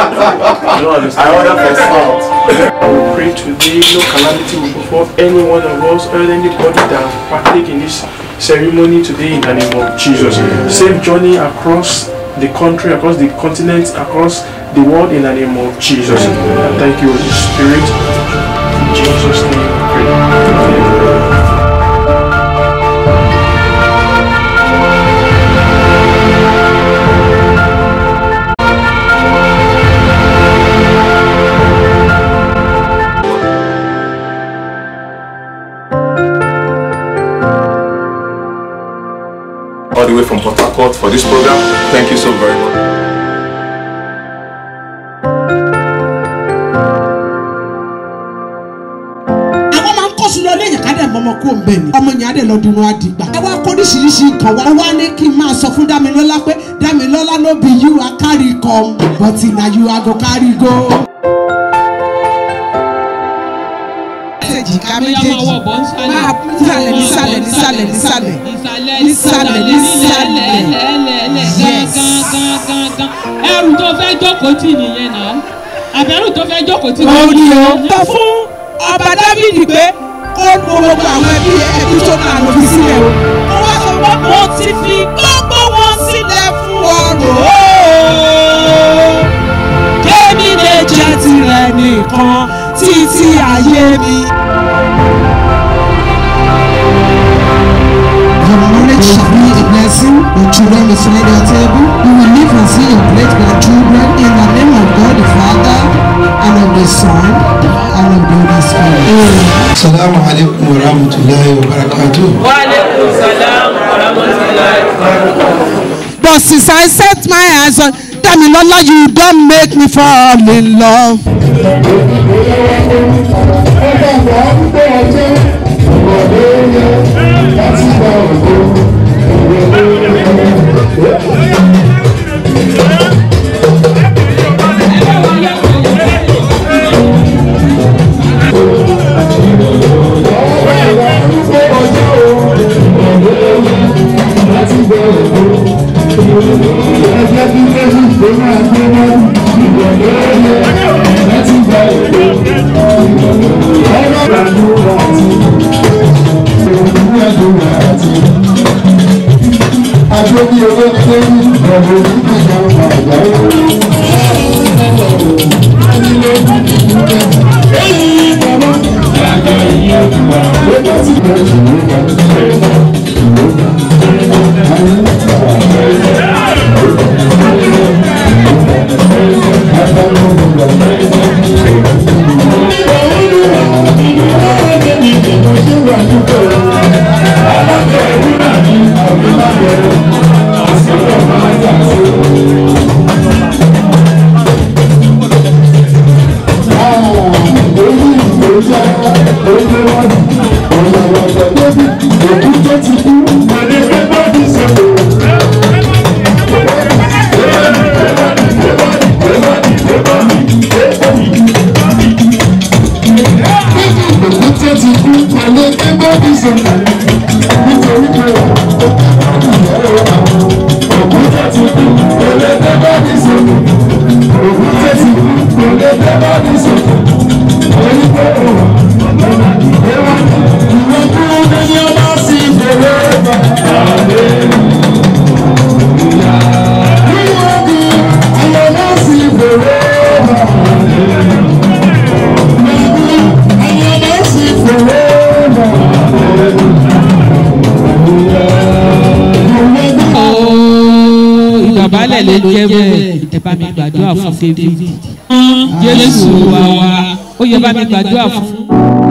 I order for salt. I will pray today no calamity will befall any one of us or anybody that partake in this ceremony today in the name of Jesus. Amen. Safe journey across the country, across the continent, across the world in the name of Jesus. Amen. Thank you, Holy Spirit. In Jesus' name, pray. Amen. from Harcourt for this program. Thank you so very much. ọmọ kó ń bẹ wa dìgbà. ẹ wá kó oríṣiríṣi ìkàn wá. ní kí n máa sọ fún Dámilọ́lá pé Dámilọ́lá no be you a carry come but na you a go carry go. èjìká méjèèjì máa nísàlẹ̀ nísàlẹ̀ nísàlẹ̀ nísàlẹ̀ nísàlẹ̀. jókòó nìyẹn náà àbẹ̀rù tó fẹ́ jókòó tì wọ́n ní o. tó fún ọba dávidi pé kó nu gbogbo àwọn ẹbí ẹbí tó máa lò fi sílẹ̀ o. mo wá sọ pé mo ti fi gbogbo wọn sílẹ̀ fún ọrùn kémi lè jẹ́ tirẹ̀ nìkan títí ayé mi. Your marriage should be a blessing. Your children will sit at your table. You will live and see your great grandchildren his son out of Buddha school. alaikum wa rahmatullahi wa barakatuh. Wa alaikum salam wa rahmatullahi wa barakatuh. But since I set my eyes on Damilola, you don't make me fall in love. Yeah. bá mi gbàdúrà fún David. Jésù wa wa ó yẹ bá mi gbàdúrà fún.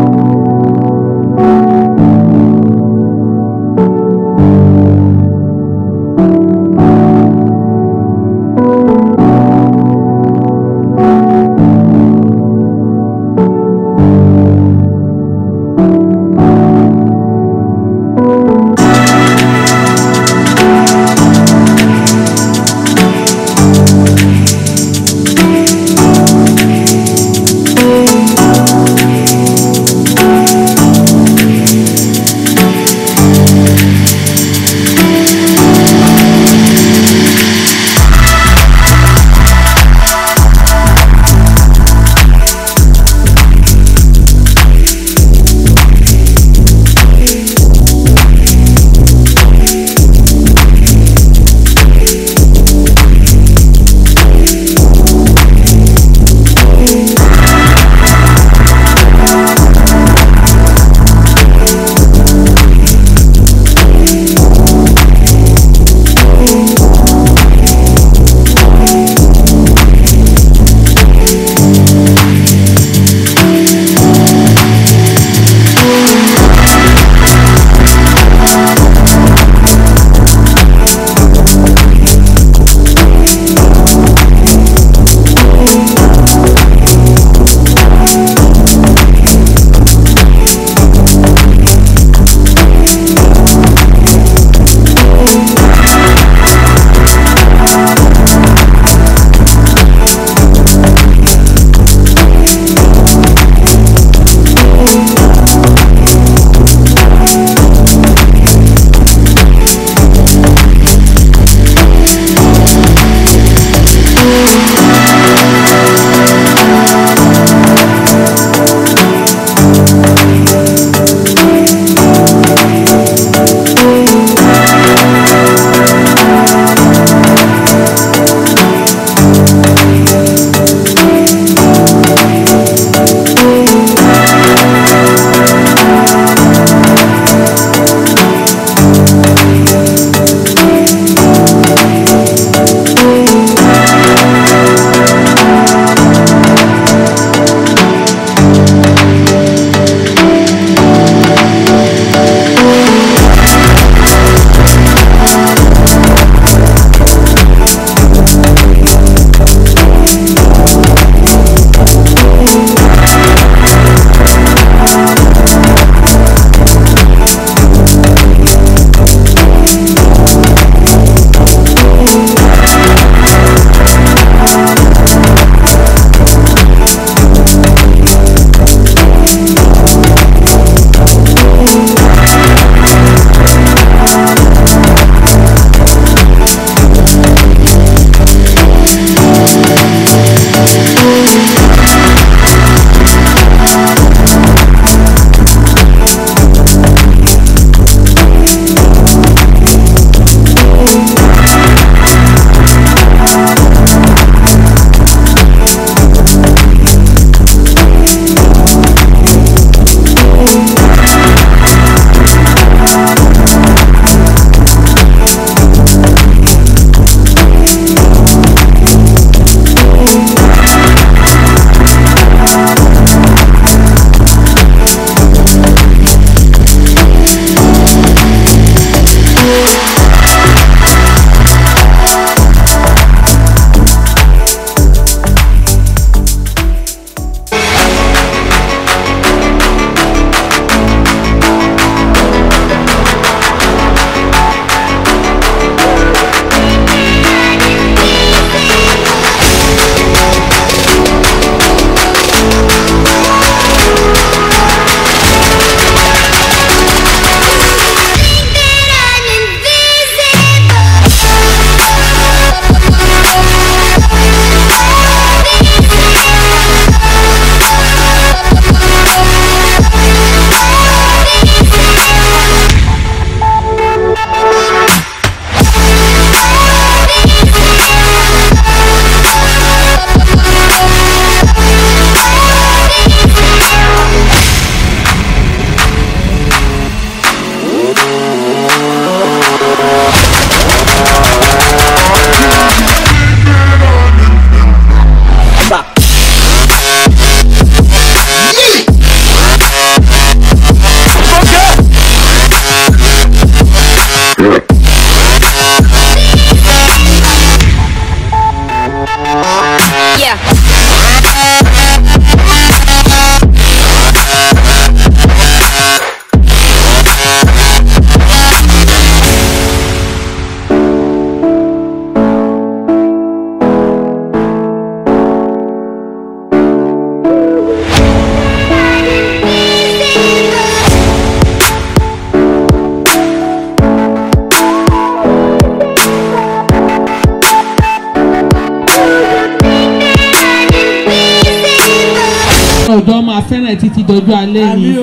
ẹ títí dọjú alẹ́ yìí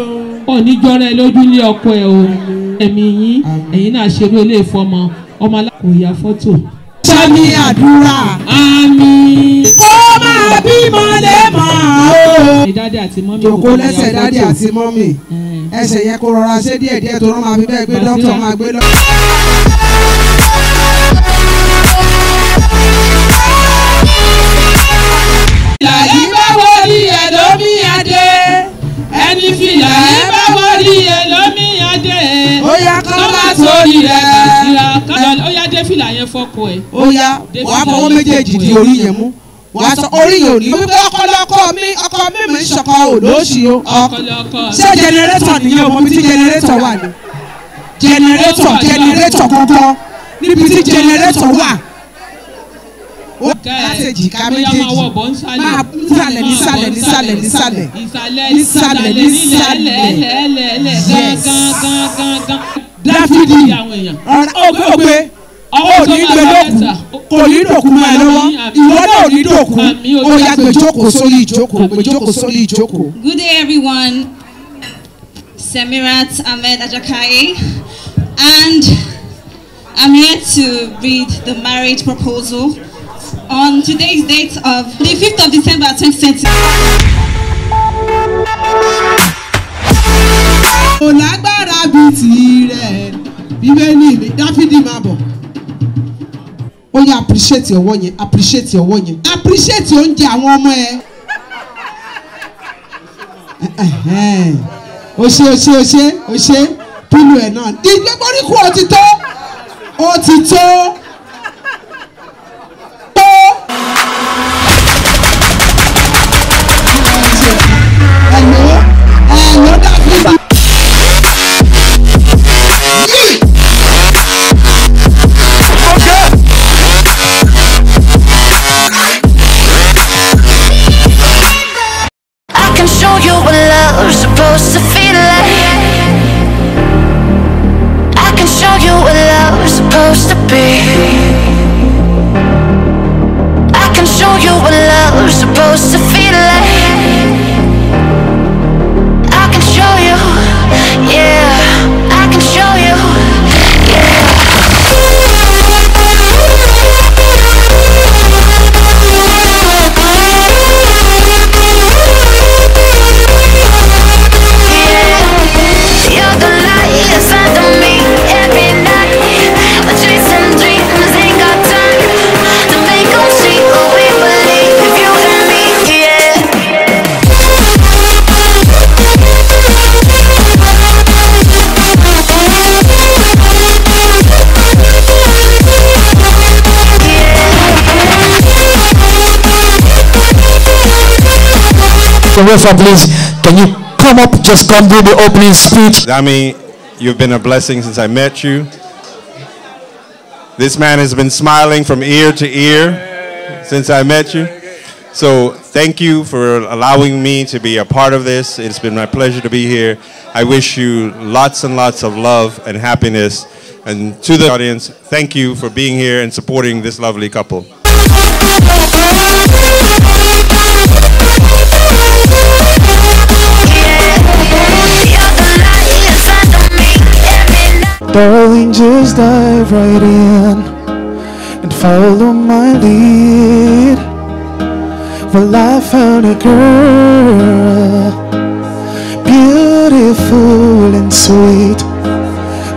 oníjọ́rẹ́ lójú ilé ọkọ ẹ o ẹ̀mí yín ẹ̀yin náà ṣerú ilé ìfọmọ ọmọ alákòóyà fọ́tò. sami àdúrà. àmín. ó máa bímọ lẹ́mọ̀ o. dádì àti mọ́mì. jòkó lẹ́sẹ̀ dádì àti mọ́mì. ẹsẹ̀ yẹn kó rọra ṣe díẹ̀díẹ̀ tó rán máa fi bẹ́ẹ̀ gbé dókítà máa gbé lọ. ìlàyé bá wọlé ẹ̀ lómi adé ní fìlà ẹ bá borí ẹ lómi adé ẹ kọ́ máa sórí rẹ kàṣíra ó yá dé fìlà yẹn fọ́kọ ẹ. ó yá wàá fọwọ́ méjèèjì di orí yẹn mú wàá sọ orí yẹn ò ní wípé ọkọlọkọ mi ọkọ mi mi ń ṣọkọ òlóṣì o ṣé jẹnẹrétọ̀ nìyẹn o níbi tí jẹnẹrétọ̀ wà ní jẹnẹrétọ̀ jẹnẹrétọ̀ kankan níbi tí jẹnẹrétọ̀ wà láti èjìká méjèèjì máa nísàlẹ̀ nísàlẹ̀ nísàlẹ̀ nísàlẹ̀ nísàlẹ̀ nísàlẹ̀ dáfídì ọgbẹ́ ọwọ́ òní gbé lókun kò ní dòkun mọ́ ẹ lọ́wọ́ ìwọ náà ò dòkun ó yá gbé jókòó sórí ìjókòó gbé jókòó sórí ìjókòó. Good day everyone Semirat Ahmed Ajakaye, and I'm here to read the marriage proposal on today's date of the 5th of December 2020. Kò lágbára appreciate ọwọ́ yẹn, appreciate ọwọ́ yẹn, appreciate oúnjẹ àwọn ọmọ ẹ. O ṣe o ṣe o ṣe o ṣe pílù ẹ̀ náà. Ìgbẹ́ gbóríkù from Refa, please, can you come up, just come do the opening speech? Dami, you've been a blessing since I met you. This man has been smiling from ear to ear since I met you. So thank you for allowing me to be a part of this. It's been my pleasure to be here. I wish you lots and lots of love and happiness. And to the audience, thank you for being here and supporting this lovely couple. Darling, just dive right in and follow my lead. Well, I found a girl, beautiful and sweet.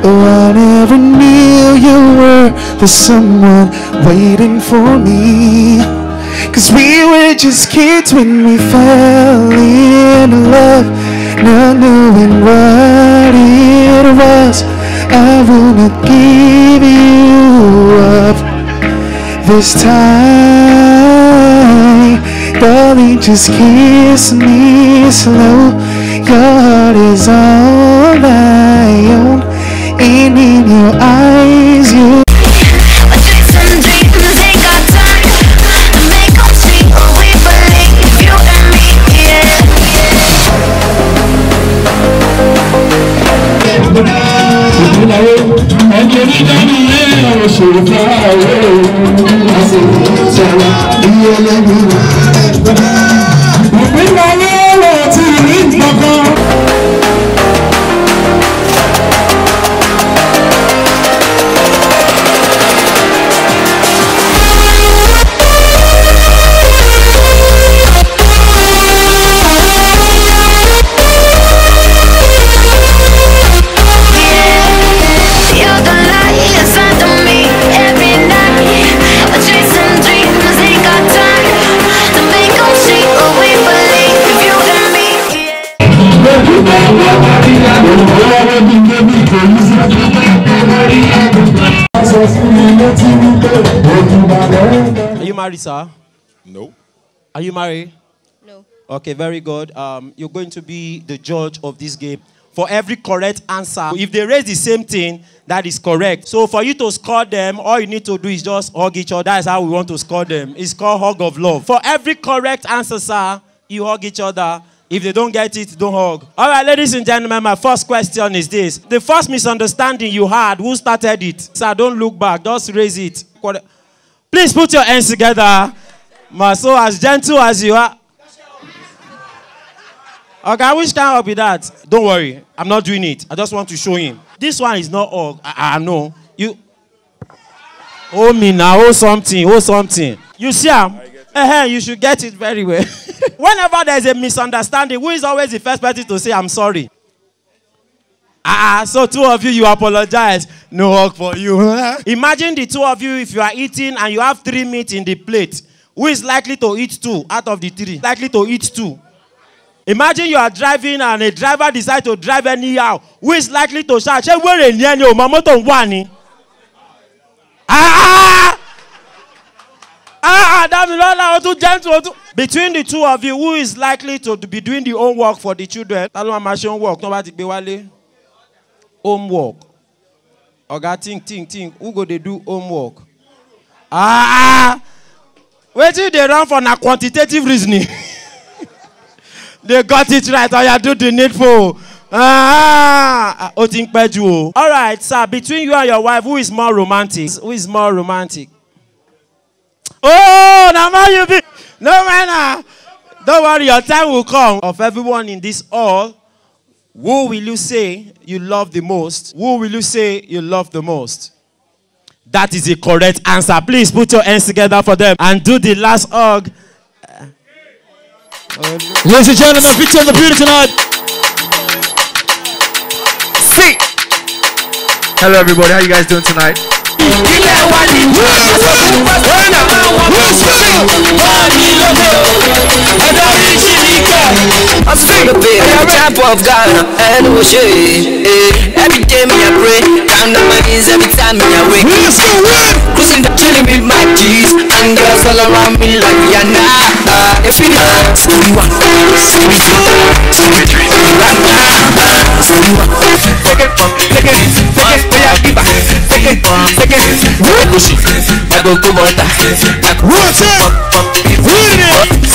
Oh, I never knew you were the someone waiting for me. Cause we were just kids when we fell in love, not knowing what it was. I wanna give you up this time. Darling, just kiss me slow. Your heart is all that. sir? No. Are you married? No. Okay, very good. Um, you're going to be the judge of this game. For every correct answer, if they raise the same thing, that is correct. So for you to score them, all you need to do is just hug each other. That's how we want to score them. It's called hug of love. For every correct answer, sir, you hug each other. If they don't get it, don't hug. All right, ladies and gentlemen, my first question is this. The first misunderstanding you had, who started it? Sir, don't look back. Just raise it. Please put your hands together. Ma, so as gentle as you are. Okay, which kind will be that? Don't worry, I'm not doing it. I just want to show him. This one is not all. I, I know. You. Oh, me now. Oh, something. Oh, something. You see him? Uh-huh, you should get it very well. Whenever there's a misunderstanding, who is always the first person to say, I'm sorry? Ah, ah, so two of you, you apologize. No work for you. Imagine the two of you if you are eating and you have three meat in the plate. Who is likely to eat two out of the three? Likely to eat two. Imagine you are driving and a driver decides to drive anyhow. Who is likely to shout? Ṣé wèrè ní ẹni o, màmá tó ń wà ni? Ah, ah, Dámilọ́lá o tún gentle Between the two of you, who is likely to be doing the homework for the children? Ta ló máa ṣe homework tó bá ti gbé wálé? homework oga think think think who go they do homework ah wetin they run for na quantitative reasoning they got it right oya do the needful ah o ti n all right sir between you and your wife who is more romantic who is more romantic. oh na man you be no man ah. don't worry your time will come of everyone in this hall Who will you say you love the most? Who will you say you love the most? That is the correct answer. Please put your hands together for them and do the last hug. Ladies and gentlemen, picture of the beauty tonight. See. Hello, everybody. How you guys doing tonight? ilé wa ni ọ̀nà ẹ̀dọ́rí ṣìlíkà. I'm from the bay, I'm top of Ghana and Oshé. Every day me I pray, count the monies every time me I wake. Cruising the chilling with my G's and girls all around me like Yana. If you not, so you want, so you do, so you dream, Take it, take it, take it, pipa, aqui, pá. Take it, take it, vai coxi, vai gol com morta. Vai com morta.